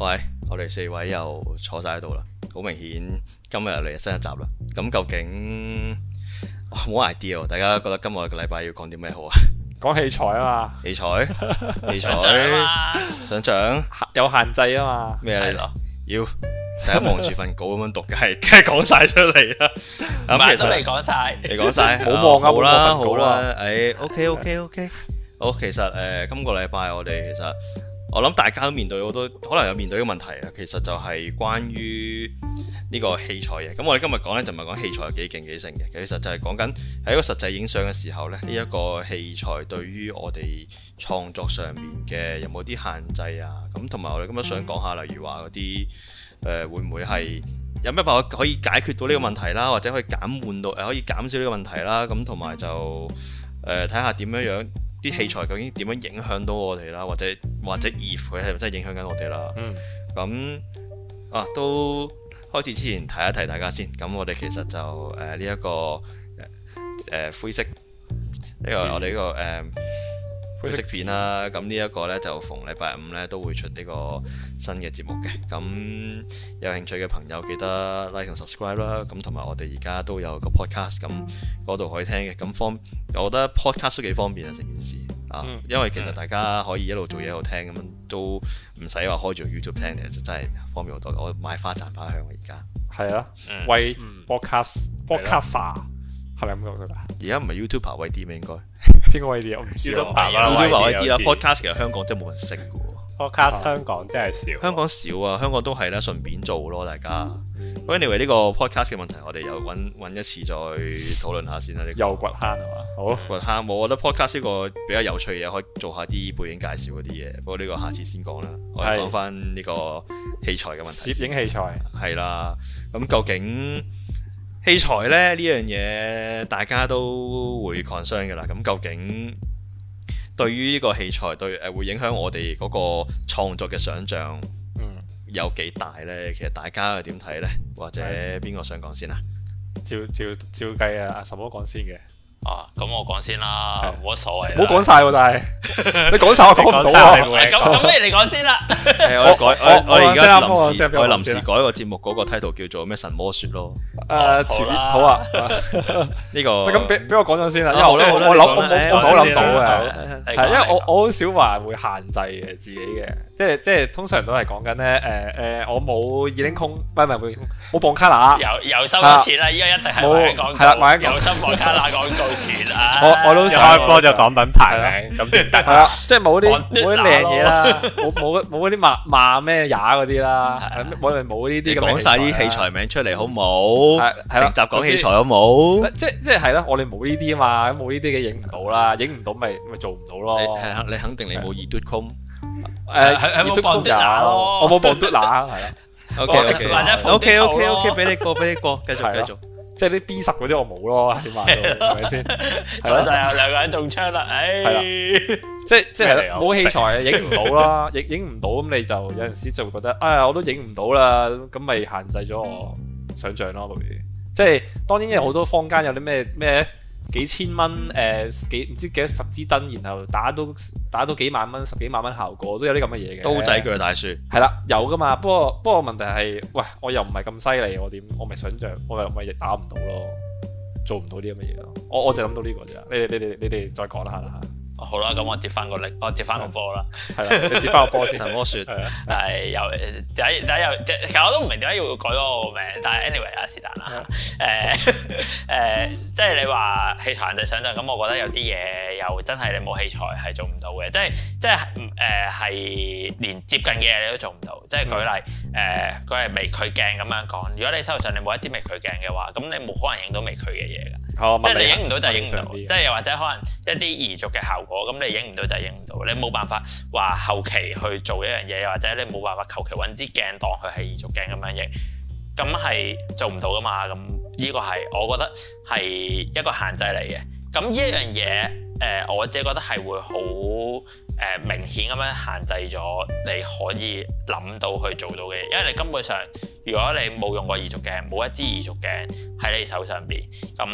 喂，我哋四位又坐晒喺度啦，好明顯今日又嚟，新一集啦。咁究竟冇 idea 啊？大家覺得今日個禮拜要講啲咩好啊？講器材啊嘛，器材，器材，想像有限制啊嘛。咩嚟啊？要大家望住份稿咁樣讀嘅，係梗係講晒出嚟啦。唔係出嚟講晒，你講晒，冇望啊，好啦，好啦。誒，OK，OK，OK。好，其實誒，今個禮拜我哋其實。我諗大家都面對好多，可能有面對呢個問題啊。其實就係關於呢個器材嘅。咁我哋今日講呢，就唔係講器材有幾勁幾勝嘅。其實就係講緊喺一個實際影相嘅時候呢，呢、呢、一個器材對於我哋創作上面嘅有冇啲限制啊？咁同埋我哋今日想講下，例如話嗰啲誒會唔會係有咩辦法可以解決到呢個問題啦？或者可以減緩到、呃、可以減少呢個問題啦？咁同埋就誒睇下點樣樣。啲器材究竟點樣影響到我哋啦，或者或者而 f 佢係咪真係影響緊我哋啦。咁、嗯、啊，都開始之前提一提大家先。咁我哋其實就誒呢一個誒、呃、灰色呢、呢個、嗯、我哋呢、呢個誒。呃灰識片啦，咁呢一個呢，就逢禮拜五呢，都會出呢個新嘅節目嘅，咁有興趣嘅朋友記得 like 同 subscribe 啦，咁同埋我哋而家都有個 podcast，咁嗰度可以聽嘅，咁方我覺得 podcast 都幾方便啊成件事啊，嗯、因為其實大家可以一路做嘢一路聽咁、嗯嗯、都唔使話開住 YouTube 聽嘅，真係方便好多。我賣花讚花香啊而家。係啊，為 podcast podcast 係咪咁講得啊？而家唔係 YouTube 而家為啲咩應該？邊個位啲？我唔知啊，U D 華 I D 啊，Podcast 其實香港真係冇人識噶喎，Podcast、嗯、香港真係少、啊，香港少啊，香港都係啦，順便做咯，大家。嗯、Anyway 呢個 Podcast 嘅問題，我哋又搵一次再討論下先啦。呢、這個、又掘坑係嘛？好掘坑，我覺得 Podcast 呢個比較有趣嘅，嘢，可以做下啲背景介紹嗰啲嘢。不過呢個下次先講啦，是我哋講翻呢個器材嘅問題，攝影器材係啦。咁究竟？器材呢呢樣嘢大家都會 concern 嘅啦，咁究竟對於呢個器材對誒會影響我哋嗰個創作嘅想像有幾大呢？其實大家又點睇呢？或者邊個想講先啊？照照照計啊！阿 Sam 講先嘅。哦，咁我講先啦，冇乜所謂，唔好講晒喎，但係你講晒我講唔到啊，咁咁不如你講先啦。我我我而家臨時我臨時改個節目嗰個 title 叫做咩神魔說咯，誒，好啊，呢個咁俾俾我講咗先啊，因為我我諗我冇我冇諗到嘅，係因為我我好少話會限制嘅自己嘅，即係即係通常都係講緊咧，誒誒，我冇已經空，唔係唔係二零綁卡啦，又又收咗錢啦，依家一定係冇講，係啦，一者又收綁卡啦講錢啊！我我都開波就講品牌名，咁點得？係啊，即係冇啲冇啲靚嘢啦，冇冇冇嗰啲罵罵咩嘢嘢嗰啲啦，我哋冇呢啲咁。講晒啲器材名出嚟好唔好？係係啦，集講器材好唔好？即係即係係啦，我哋冇呢啲啊嘛，咁冇呢啲嘅影唔到啦，影唔到咪咪做唔到咯。係你肯定你冇 Educom，誒，喺喺冇 Bundu 拿咯，我冇 Bundu 拿係咯。O K O K O K O K，俾你過俾你過，繼續繼續。即係啲 B 十嗰啲我冇咯，起碼，係咪先？就 有兩個人中槍啦，唉！ 即係即係冇器材影唔到啦，影影唔到，咁你就有陣時就會覺得哎呀，我都影唔到啦，咁咪限制咗我想像咯，即係當然因為有好多坊間有啲咩咩。幾千蚊誒、呃、幾唔知幾十支燈，然後打到打到幾萬蚊、十幾萬蚊效果，都有啲咁嘅嘢嘅。刀仔鋸大樹係啦，有噶嘛？不過不過問題係，喂，我又唔係咁犀利，我點我咪想像，我咪亦打唔到咯，做唔到啲咁嘅嘢咯。我我就諗到呢個啫。你哋你哋你哋再講下啦吓。好啦，咁我接翻個力，我接翻個波啦，係啦， 接翻個波先，我説係啊，但係又但但又其實我都唔明點解要改多個名，但係 anyway 啊，是但啦，誒誒，即係你話器材限制想象，咁我覺得有啲嘢又真係你冇器材係做唔到嘅，即係即係誒係連接近嘅嘢你都做唔到，即係 mm hmm. 舉例誒，佢、呃、係微距鏡咁樣講，如果你手上你冇一支微距鏡嘅話，咁你冇可能影到微距嘅嘢㗎，oh, 即係你影唔到就影唔到，即係又或者可能一啲移軸嘅效。我咁你影唔到就係影唔到，你冇辦法話後期去做一樣嘢，或者你冇辦法求其揾支鏡當佢係移軸鏡咁樣影，咁係做唔到噶嘛？咁呢個係我覺得係一個限制嚟嘅。咁呢一樣嘢，誒、呃，我只係覺得係會好誒、呃、明顯咁樣限制咗你可以諗到去做到嘅，因為你根本上，如果你冇用過移軸鏡，冇一支移軸鏡喺你手上邊，咁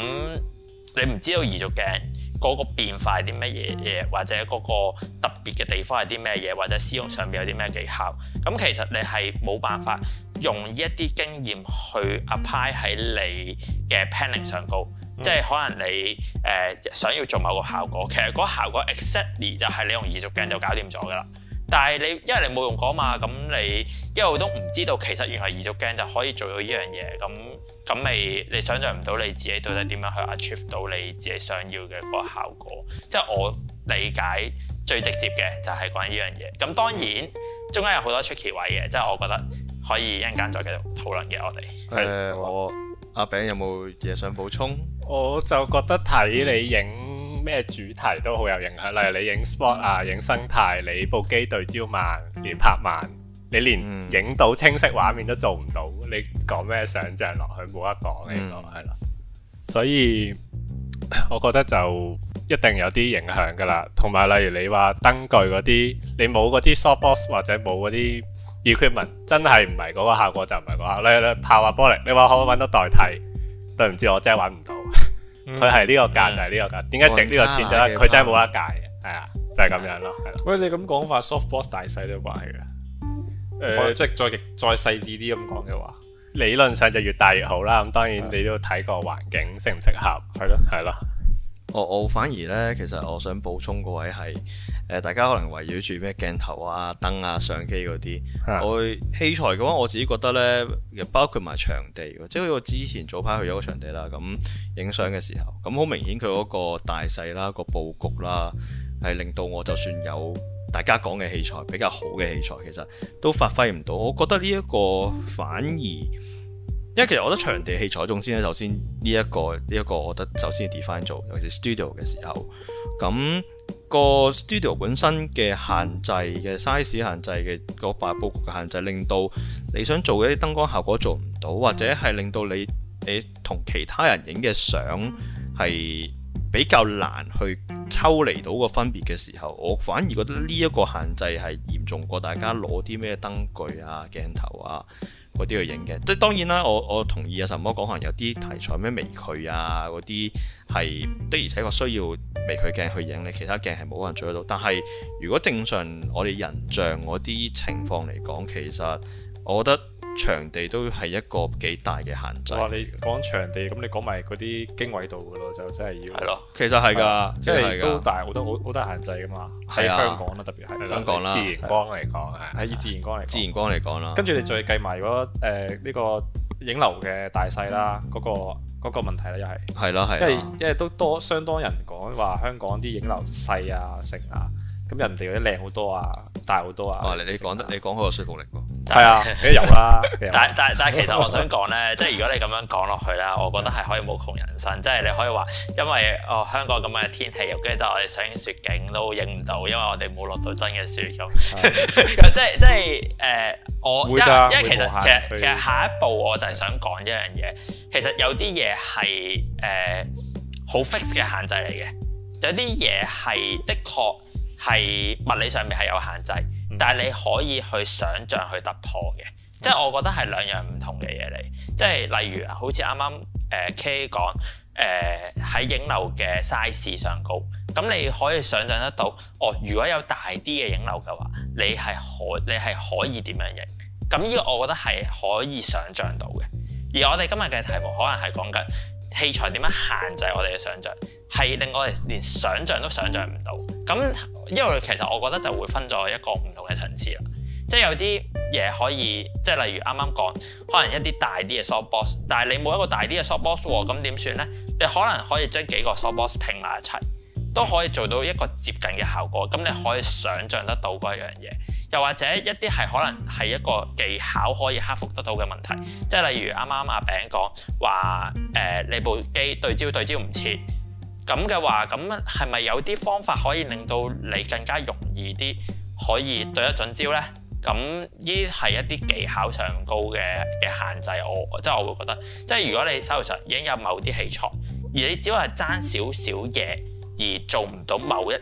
你唔知道移軸鏡嗰個變化係啲乜嘢嘢，或者嗰個特別嘅地方係啲咩嘢，或者使用上面有啲咩技巧？咁其實你係冇辦法用一啲經驗去 apply 喺你嘅 painting 上高，即係可能你誒想要做某個效果，其實嗰個效果 exactly 就係你用移軸鏡就搞掂咗噶啦。但係你因為你冇用過嘛，咁你一路都唔知道其實原來移軸鏡就可以做到呢樣嘢咁。咁你你想象唔到你自己到底點樣去 achieve 到你自己想要嘅個效果。即係我理解最直接嘅就係關於呢樣嘢。咁當然中間有好多 tricky 位嘅，即係我覺得可以一陣間再繼續討論嘅。我哋，誒、呃，我阿餅有冇嘢想補充？我就覺得睇你影咩主題都好有影響。例如你影 sport 啊，影生態，你部機對焦慢，連拍慢，你連影到清晰畫面都做唔到，嗯、你。講咩想象落去冇得講呢就係啦。所以我覺得就一定有啲影響噶啦。同埋，例如你話燈具嗰啲，你冇嗰啲 soft box 或者冇嗰啲 equipment，真係唔係嗰個效果，就唔係話咧咧拋下玻璃。你話可唔可搵到代替？對唔住，我真係搵唔到。佢係呢個價就係呢個價，點解值呢個錢就咧？佢真係冇得界嘅，係啊，就係咁樣咯，係咯。喂，你咁講法，soft box 大細都有關係嘅？誒，即係再極再細緻啲咁講嘅話。理論上就越大越好啦，咁當然你都睇個環境適唔適合，係咯係咯。我我反而呢，其實我想補充嗰位係，誒、呃、大家可能圍繞住咩鏡頭啊、燈啊、相機嗰啲，嗯、我器材嘅話，我自己覺得呢，包括埋場地，即係我之前早排去咗個場地啦，咁影相嘅時候，咁好明顯佢嗰個大細啦、個佈局啦，係令到我就算有。大家講嘅器材比較好嘅器材，其實都發揮唔到。我覺得呢一個反而，因為其實我覺得場地器材仲先咧。首先呢一個呢一個，這個、我覺得首先要 define 做，尤其是 studio 嘅時候。咁、個 studio 本身嘅限制嘅 size 限制嘅嗰佈局嘅限制，令到你想做嗰啲燈光效果做唔到，或者係令到你你同其他人影嘅相係，比較難去抽離到個分別嘅時候，我反而覺得呢一個限制係嚴重過大家攞啲咩燈具啊、鏡頭啊嗰啲去影嘅。即當然啦，我我同意阿神魔講，可能有啲題材咩微距啊嗰啲係的，而且確需要微距鏡去影，你其他鏡係冇可能做得到。但係如果正常我哋人像嗰啲情況嚟講，其實我覺得。場地都係一個幾大嘅限制。哇！你講場地，咁你講埋嗰啲經緯度嘅咯，就真係要。係咯。其實係㗎，即係都大好多，好好大限制㗎嘛。喺香港啦，特別係。香港啦。自然光嚟講，係以自然光嚟。自然光嚟講啦。跟住你再計埋嗰誒呢個影樓嘅大細啦，嗰個嗰個問題啦，又係。係咯係。因為因為都多相當人講話香港啲影樓細啊，成啊。咁人哋嗰啲靚好多啊，大好多啊！你你講得你講嗰個說服力喎，係啊，了有啦。但但但係其實我想講咧， 即係如果你咁樣講落去咧，我覺得係可以無窮人生。即係你可以話，哦，因為我香港咁嘅天氣，跟住就我哋想雪景都影唔到，因為我哋冇落到真嘅雪咁 的。 即係即係誒，我會的因為其實其實其實下一步我就係想講一樣嘢，其實有啲嘢係誒好 fix 嘅限制嚟嘅，有啲嘢係的確。係物理上面係有限制，但係你可以去想像去突破嘅，即係我覺得係兩樣唔同嘅嘢嚟。即係例如好似啱啱誒 K 講誒喺影樓嘅 size 上高，咁你可以想像得到哦。如果有大啲嘅影樓嘅話，你係可你係可以點樣影？咁呢個我覺得係可以想像到嘅。而我哋今日嘅題目可能係講緊。器材點樣限制我哋嘅想像，係令我哋連想像都想像唔到。咁因為其實我覺得就會分咗一個唔同嘅層次啦。即係有啲嘢可以，即係例如啱啱講，可能一啲大啲嘅 softbox，但係你冇一個大啲嘅 softbox 喎，咁點算呢？你可能可以將幾個 softbox 拼埋一齊，都可以做到一個接近嘅效果。咁你可以想像得到嗰樣嘢。又或者一啲係可能係一個技巧可以克服得到嘅問題，即係例如啱啱阿餅講話誒，你部機對焦對焦唔切，咁嘅話，咁係咪有啲方法可以令到你更加容易啲可以對得準焦呢？咁呢係一啲技巧上高嘅嘅限制我，我即係我會覺得，即係如果你手頭上已經有某啲器材，而你只係爭少少嘢而做唔到某一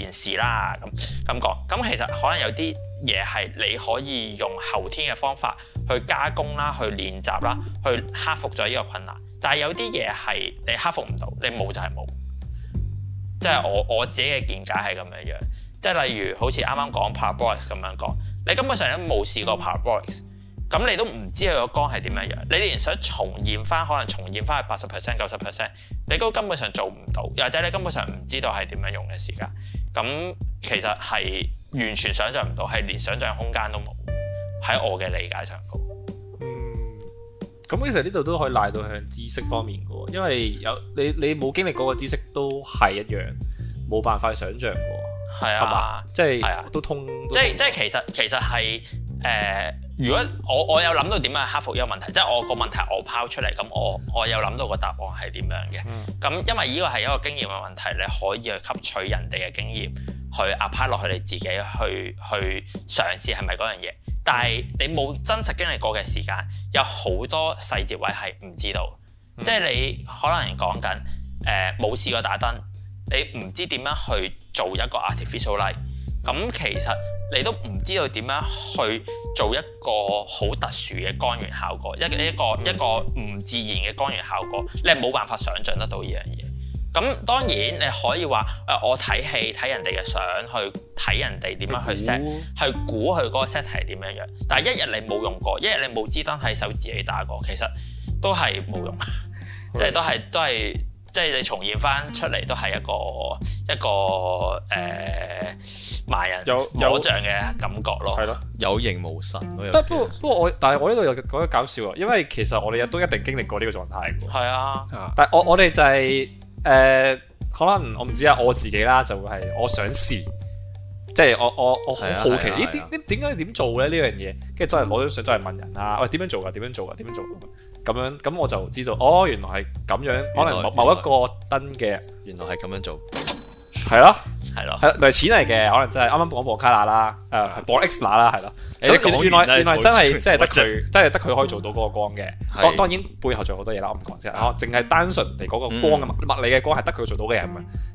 件事啦，咁咁講，咁其實可能有啲嘢係你可以用後天嘅方法去加工啦，去練習啦，去克服咗呢個困難。但係有啲嘢係你克服唔到，你冇就係冇。即係我我自己嘅見解係咁樣樣。即係例如好似啱啱講 Parabolix 咁樣講，你根本上都冇試過 Parabolix。咁你都唔知佢個光係點樣樣，你連想重現翻，可能重現翻係八十 percent、九十 percent，你都根本上做唔到，又或者你根本上唔知道係點樣用嘅時間，咁其實係完全想像唔到，係連想像空間都冇，喺我嘅理解上講。嗯，咁其實呢度都可以賴到向知識方面嘅，因為有你你冇經歷過個知識都係一樣，冇辦法想像嘅。係啊，嘛，即係係啊都，都通即。即係即係其實其實係。誒、呃，如果我我有諗到點樣克服依個問題，即、就、係、是、我、那個問題我拋出嚟，咁我我有諗到個答案係點樣嘅。咁、嗯、因為呢個係一個經驗嘅問題，你可以去吸取人哋嘅經驗，去 apply 落去你自己去去嘗試係咪嗰樣嘢。但係你冇真實經歷過嘅時間，有好多細節位係唔知道。嗯、即係你可能講緊誒冇試過打燈，你唔知點樣去做一個 artificial light。咁其實你都唔知道點樣去做一個好特殊嘅光源效果，一一個、嗯、一個唔自然嘅光源效果，你係冇辦法想像得到呢樣嘢。咁當然你可以話誒、呃，我睇戲睇人哋嘅相，去睇人哋點樣去 set、啊、去估佢嗰個 set 係點樣樣。但係一日你冇用過，一日你冇支燈喺手指嚟打過，其實都係冇用，即係對 都係都係即係你重現返出嚟都係一個一個誒。盲人有有像嘅感覺咯，係咯，有形無神咯。得不過不過我，但係我呢度又覺得搞笑啊，因為其實我哋都一定經歷過呢個狀態係啊，但係我我哋就係誒，可能我唔知啊，我自己啦，就會係我想試，即係我我我好好奇，呢啲呢點解點做咧呢樣嘢？跟住真係攞咗相，真係問人啊，喂，點樣做㗎？點樣做㗎？點樣做？咁樣咁我就知道，哦，原來係咁樣，可能某某一個燈嘅，原來係咁樣做，係啦。係咯，係錢嚟嘅。可能真係啱啱講博卡納啦，誒，博 X 納啦，係咯。原原來原來，原來真係真係得佢，真係得佢可以做到嗰個光嘅。當當然背後仲有好多嘢啦，我唔講先啦。哦，淨係單純嚟嗰個光啊嘛，物理嘅光係得佢做到嘅嘢。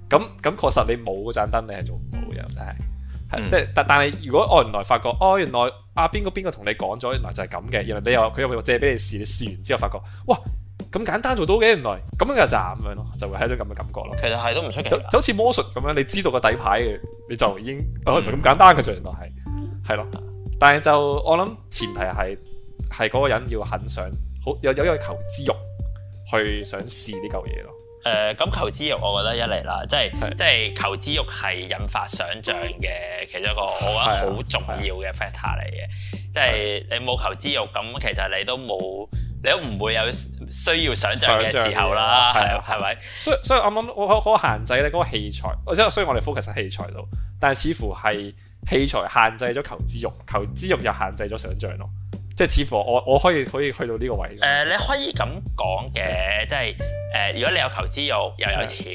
咁咁確實你冇嗰盞燈你係做唔到嘅。真係即係但但係如果我原來發覺哦，原來阿邊個邊個同你講咗，原來就係咁嘅。原來你又佢又借俾你試，你試完之後發覺哇！咁簡單做到嘅，原來咁樣嘅就咁樣咯，就會係一種咁嘅感覺咯。其實係都唔出奇，就好似魔術咁樣，你知道個底牌嘅，你就已經唔係咁簡單嘅、嗯、就原來係，係咯。但係就我諗前提係係嗰個人要很想，好有有一個求知欲，去想試呢嚿嘢咯。誒、呃，咁求知欲我覺得一嚟啦，即係的即係求知欲係引發想像嘅其中一個，我覺得好重要嘅 factor 嚟嘅。即係你冇求知欲咁其實你都冇。你都唔會有需要想像嘅時候啦，係啊，係咪吧吧？所以所以啱啱我可可限制咧嗰個器材，雖然所以我哋 focus 喺器材度，但係似乎係器材限制咗求知慾，求知慾又限制咗想像咯，即係似乎我我可以可以去到呢個位。誒、呃，你可以咁講嘅。即係誒、呃，如果你有求知慾又有錢，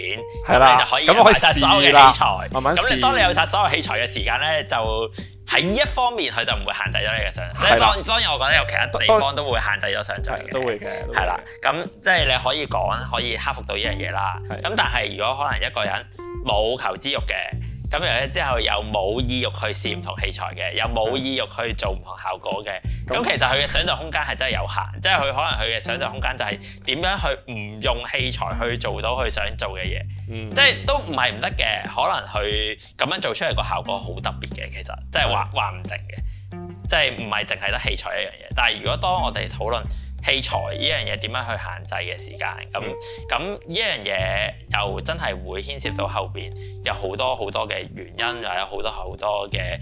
的你就可以用曬所有嘅器材。咁你當你有曬所有器材嘅時間咧，就～喺呢一方面，佢就唔會限制咗你嘅想像。即係當當然，我覺得有其他地方都會限制咗想像嘅。都會嘅。係啦，咁即係你可以講，可以克服到呢樣嘢啦。咁但係如果可能一個人冇求知慾嘅。咁樣咧之後又冇意欲去試唔同器材嘅，又冇意欲去做唔同效果嘅。咁其實佢嘅想像空間係真係有限，即係佢可能佢嘅想像空間就係點樣去唔用器材去做到佢想做嘅嘢。嗯、即係都唔係唔得嘅，可能佢咁樣做出嚟個效果好特別嘅。其實即係話話唔定嘅，即係唔係淨係得器材一樣嘢。但係如果當我哋討論器材呢樣嘢點樣去限制嘅時間，咁咁呢樣嘢又真係會牽涉到後邊有好多好多嘅原因，又有好多好多嘅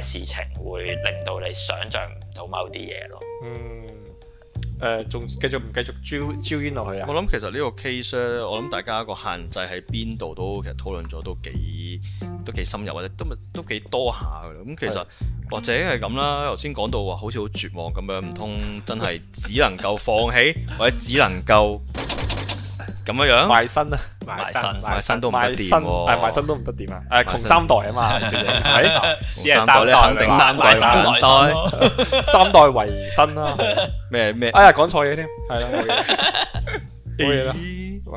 誒事情會令到你想像唔到某啲嘢咯。嗯。仲、呃、繼續唔繼續招招煙落去啊？我諗其實呢個 case，我諗大家個限制喺邊度都其實討論咗都幾都幾深入或者都都幾多下嘅。咁其實是的 或者係咁啦，頭先講到話好似好絕望咁樣，唔通真係只能夠放棄 或者只能夠。咁樣樣賣身啊！賣身賣身都唔得掂喎，賣身都唔得掂啊！誒，窮三代啊嘛，窮三代肯定三代三代三代為新啦。咩咩，哎呀，講錯嘢添，係啦，冇嘢啦，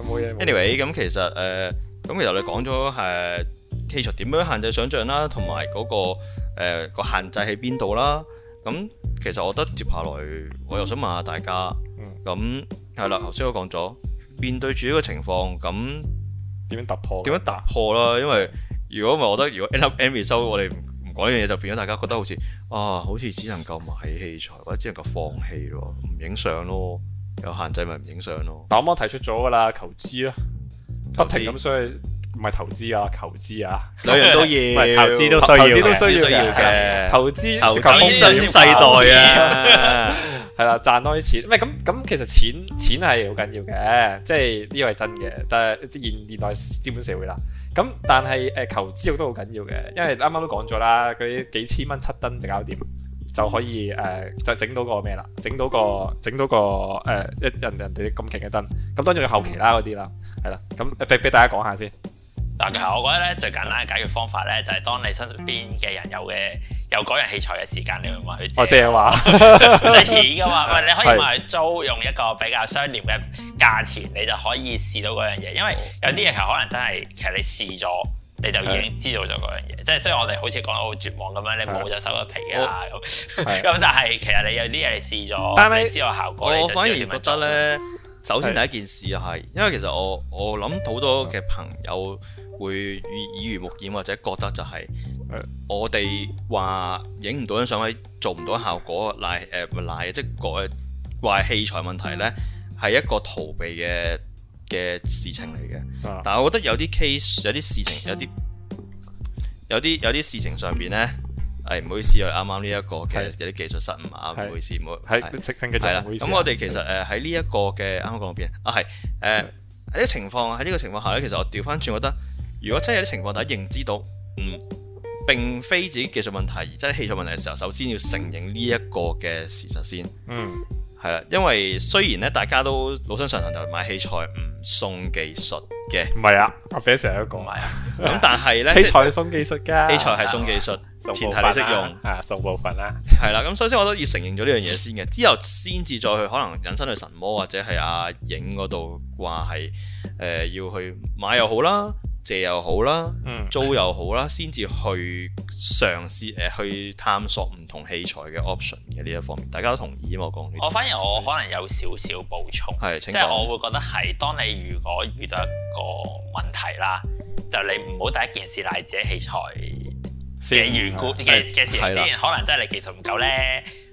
冇嘢。Anyway 咁，其實誒咁，其實你講咗誒器材點樣限制想像啦，同埋嗰個誒個限制喺邊度啦。咁其實我覺得接下來我又想問下大家，咁係啦，頭先我講咗。面對住呢個情況，咁點樣突破？點樣突破啦？ 因為如果唔係，我覺得如果 Lamp e y 收，我哋唔唔講呢樣嘢，就變咗大家覺得好似啊，好似只能夠買器材，或者只能夠放棄咯，唔影相咯，有限制咪唔影相咯。但我啱啱提出咗㗎啦，求知咯，不停咁所以。唔係投資啊，投資啊，兩樣都要投資都需要，投資都需要嘅投資，投資豐收先世代啊，係啦， 賺多啲錢。唔係咁咁，其實錢錢係好緊要嘅，即係呢個係真嘅。但係現現代資本社會啦，咁但係誒投資都好緊要嘅，因為啱啱都講咗啦，嗰啲幾千蚊七燈就搞掂，就可以誒、呃、就整到個咩啦，整到個整到個誒一、呃、人人哋咁勁嘅燈咁，當然佢後期啦嗰啲啦，係啦，咁俾俾大家講下先。嗱，其實我覺得咧最簡單嘅解決方法咧，就係當你身邊嘅人有嘅有嗰樣器材嘅時間，你咪正話佢。我即係話唔使錢噶嘛，唔係是你可以咪去租用一個比較商業嘅價錢，你就可以試到嗰樣嘢。因為有啲嘢其實可能真係，其實你試咗你就已經知道咗嗰樣嘢。即係雖然我哋好似講到好絕望咁樣，你冇就收個皮啊咁。咁 但係其實你有啲嘢你試咗，但是你知道效果咧。我反而覺得咧，首先第一件事係，因為其實我我諗好多嘅朋友。會以耳濡目染或者覺得就係，我哋話影唔到張相，做唔到效果，賴誒賴，即係壞器材問題咧，係一個逃避嘅嘅事情嚟嘅。但係我覺得有啲 case，有啲事情，有啲有啲有啲事情上邊咧，係、哎、唔好意思，啱啱呢一個嘅有啲技術失誤啊，唔好意思，唔的好意思、啊。咁我哋其實誒喺呢一個嘅啱啱講邊啊，係誒喺啲情況喺呢個情況下咧，其實我調翻轉覺得。如果真係有啲情況，大家認知到唔、嗯、並非自己技術問題，而真係器材問題嘅時候，首先要承認呢一個嘅事實先。嗯，係啊，因為雖然咧，大家都老生常談就係買器材唔送技術嘅，唔係啊成日都講埋啊。咁、啊、 但係咧，器材送技術㗎、啊，器材係送技術， 啊、前提你識用啊，送部分啦。係啦，咁首先我都要承認咗呢樣嘢先嘅，之後先至再去可能引申去神魔或者係阿影嗰度話係誒要去買又好啦。借又好啦，嗯，租又好啦，先至去嘗試誒，去探索唔同器材嘅 option 嘅呢一方面，大家都同意我講。我反而我可能有少少補充，即係我會覺得係，當你如果遇到一個問題啦，就你唔好第一件事賴自己器材嘅緣故嘅嘅事先，可能真係你技術唔夠咧。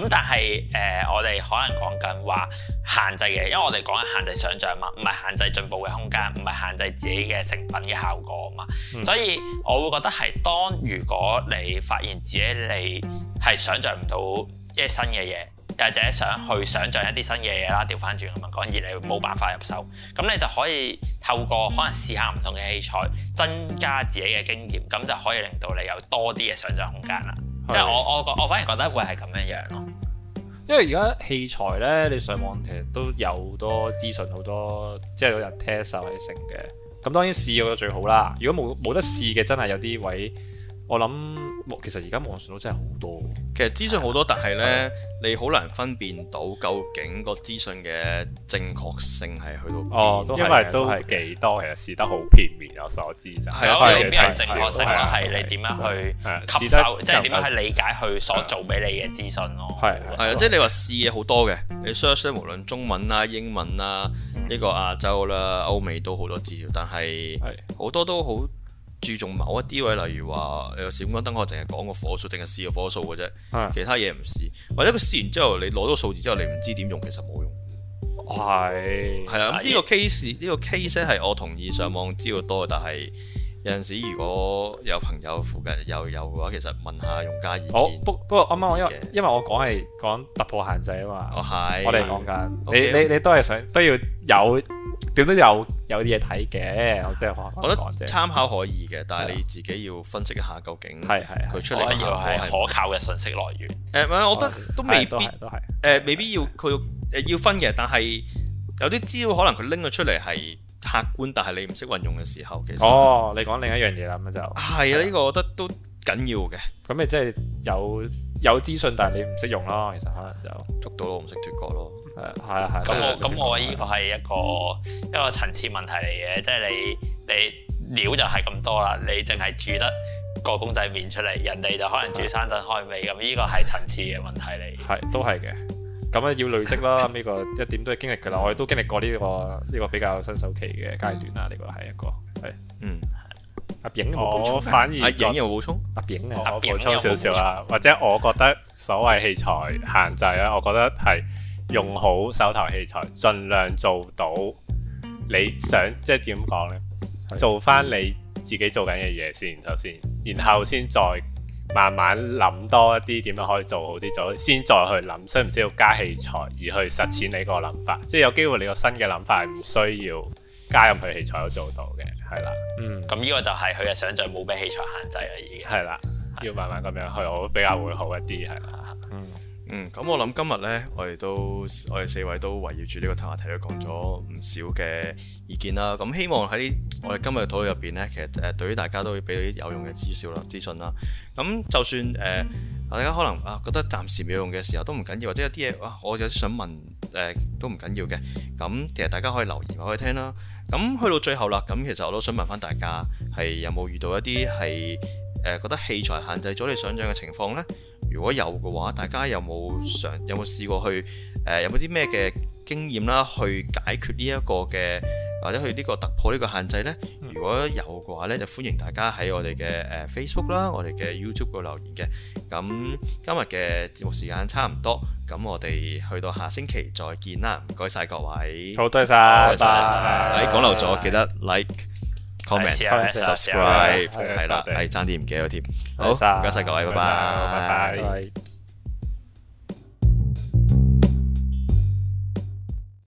咁但係誒、呃，我哋可能講緊話限制嘅，因為我哋講緊限制想像嘛，唔係限制進步嘅空間，唔係限制自己嘅成品嘅效果嘛。嗯、所以我會覺得係當如果你發現自己你係想像唔到一啲新嘅嘢，又或者想去想像一啲新嘅嘢啦，調翻轉咁樣講，而你冇辦法入手，咁你就可以透過可能試下唔同嘅器材，增加自己嘅經驗，咁就可以令到你有多啲嘅想像空間啦。即係我我我反而覺得會係咁樣樣咯，因為而家器材咧，你上網其實都有好多資訊多，好多即係有 test 受係成嘅。咁當然試咗最好啦。如果冇冇得試嘅，真係有啲位。我諗，其實而家網上都真係好多。其實資訊好多，但係呢，你好難分辨到究竟個資訊嘅正確性係去到邊。哦，因為，都係幾多，其實試得好片面，我所知就。係啊，邊係正確性啦，係你點樣去吸收，即係點樣去理解佢所做俾你嘅資訊咯。係，係即係你話試嘢，好多嘅，你 search 咧，無論中文啦、英文啦、呢個亞洲啦、歐美都好多資料，但係好多都好。注重某一啲位，例如話有閃光燈，我淨係講個火數，定係試個火數嘅啫，啊、其他嘢唔試。或者佢試完之後，你攞到個數字之後，你唔知點用，其實冇用。係係啊，呢、嗯嗯、個 case 呢個 case 係我同意上網知道多，但係有陣時如果有朋友附近又有嘅話，其實問下用家意見好、哦、不不過啱啱我因為我因為我講係講突破限制啊嘛。哦、我係我哋講緊，你你你都係想都要有。點都有有啲嘢睇嘅，我即係話，我覺得參考可以嘅，的但係你自己要分析一下究竟係係佢出嚟係唔係可靠嘅信息來源？誒，我覺得都未必，都係誒、呃，未必要佢誒要分嘅，但係有啲資料可能佢拎咗出嚟係客觀，但係你唔識運用嘅時候，其實哦，你講另一樣嘢啦，咁就係啊，呢個我覺得都。緊要嘅，咁咪即係有有資訊，但係你唔識用咯。其實可能就捉到咯，唔識脫過咯。係係啊係。咁我咁我呢個係一個一個層次問題嚟嘅，即係你你料就係咁多啦，你淨係煮得個公仔麵出嚟，人哋就可能煮山珍海味。咁呢語尖個係層次嘅問題嚟。係啊，都係嘅。咁啊要累積啦，呢 個一點都係經歷㗎啦。我哋都經歷過呢個呢個比較新手期嘅階段啦。呢個係一個係是的嗯。阿影又冇補充，阿影又冇補充，我阿影啊，我補充少少啦。或者我覺得所謂器材限制咧、啊， 我覺得係用好手頭器材，盡量做到你想，即係點講咧，的做翻你自己做緊嘅嘢先，首先，然後先再慢慢諗多一啲點樣可以做好啲，就先再去諗需唔需要加器材而去實踐你個諗法。即係有機會你個新嘅諗法係唔需要加入佢器材都做到嘅。係啦，嗯，咁呢個就係佢嘅想像，冇咩器材限制啦，已經係啦，了要慢慢咁樣去，我了比較會好一啲，係啦，嗯嗯，咁、嗯嗯、我諗今日咧，我哋都我哋四位都圍繞住呢個話題都講咗唔少嘅意見啦，咁、嗯嗯、希望喺我哋今日嘅討論入邊咧，其實誒對於大家都會俾咗啲有用嘅資訊啦，資訊啦，咁、嗯、就算誒、呃嗯、大家可能啊覺得暫時冇用嘅時候都唔緊要，或者有啲嘢哇，我就想問。都唔緊要嘅，咁其實大家可以留言俾我聽啦。咁去到最後啦，咁其實我都想問翻大家係有冇遇到一啲係誒覺得器材限制咗你想像嘅情況呢？如果有嘅話，大家有冇嘗有冇試過去誒、呃、有冇啲咩嘅經驗啦，去解決呢一個嘅或者去呢個突破呢個限制呢？如果有嘅話咧，就歡迎大家喺我哋嘅誒 Facebook 啦，我哋嘅 YouTube 度留言嘅。咁今日嘅節目時間差唔多，咁我哋去到下星期再見啦，唔該晒各位。好多謝晒，多謝晒。誒，講漏咗，記得 Like、Comment、Subscribe，係啦，係爭啲唔記得添。好，唔該晒各位，拜拜！拜拜。